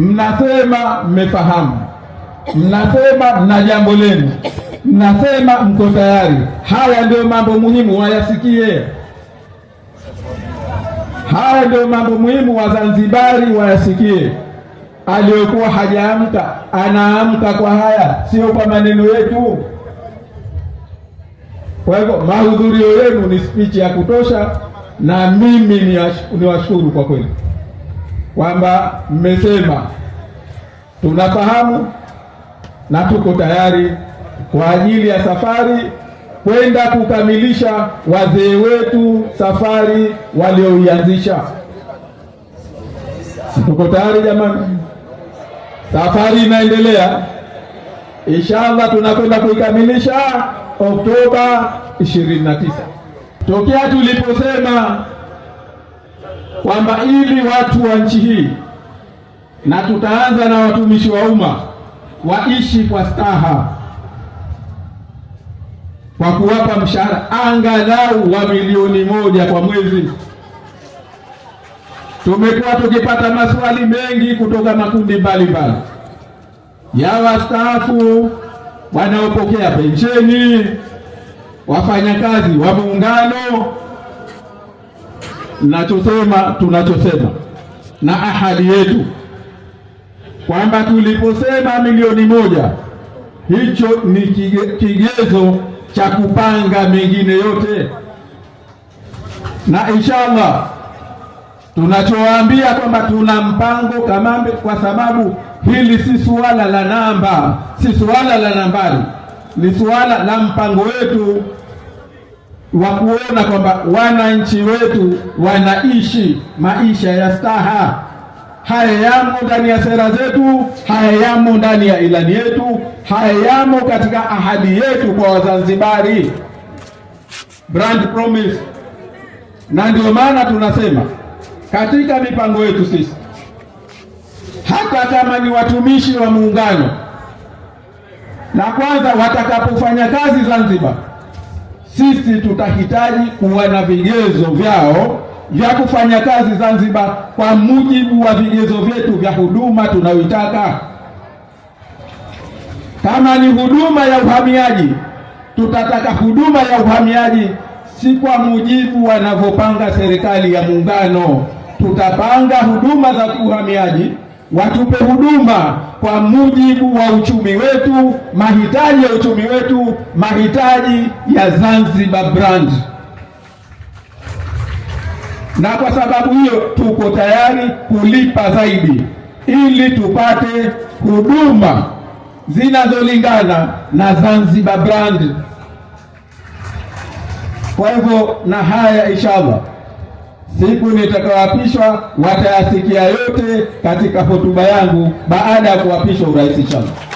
mnasema mmefahamu, mnasema mna jambo lenu, mnasema mko tayari. Haya ndio mambo muhimu wayasikie, haya ndio mambo muhimu Wazanzibari wayasikie. Aliyokuwa hajaamka anaamka kwa haya, sio kwa maneno yetu. Kwa hivyo mahudhurio yenu ni spichi ya kutosha, na mimi ni washukuru kwa kweli kwamba mmesema tunafahamu na tuko tayari kwa ajili ya safari kwenda kukamilisha wazee wetu safari walioianzisha. Tuko tayari jamani, safari inaendelea. Inshallah tunakwenda kuikamilisha Oktoba 29 tokea tuliposema kwamba ili watu wa nchi hii na tutaanza na watumishi wa umma waishi kwa staha, kwa kuwapa mshahara angalau wa milioni moja kwa mwezi. Tumekuwa tukipata maswali mengi kutoka makundi mbalimbali ya wastaafu wanaopokea pensheni, wafanyakazi wa muungano nachosema tunachosema na ahadi yetu kwamba tuliposema milioni moja, hicho ni kigezo cha kupanga mengine yote, na inshallah tunachowaambia kwamba tuna mpango Kamambe, kwa sababu hili si suala la namba, si suala la nambari, ni suala la mpango wetu wa kuona kwamba wananchi wetu wanaishi maisha ya staha. Haya yamo ndani ya sera zetu, haya yamo ndani ya ilani yetu, haya yamo katika ahadi yetu kwa Wazanzibari, brand promise. Na ndio maana tunasema katika mipango yetu sisi, hata kama ni watumishi wa Muungano, la kwanza watakapofanya kazi Zanzibar sisi tutahitaji kuwa na vigezo vyao vya kufanya kazi Zanzibar kwa mujibu wa vigezo vyetu vya huduma tunayoitaka. Kama ni huduma ya uhamiaji, tutataka huduma ya uhamiaji si kwa mujibu wanavyopanga serikali ya Muungano. Tutapanga huduma za uhamiaji, watupe huduma kwa mujibu wa uchumi wetu, mahitaji ya uchumi wetu, mahitaji ya Zanzibar brand. Na kwa sababu hiyo tuko tayari kulipa zaidi ili tupate huduma zinazolingana na Zanzibar brand. Kwa hivyo na haya inshallah siku nitakaoapishwa watayasikia yote katika hotuba yangu baada ya kuapishwa urais Chama.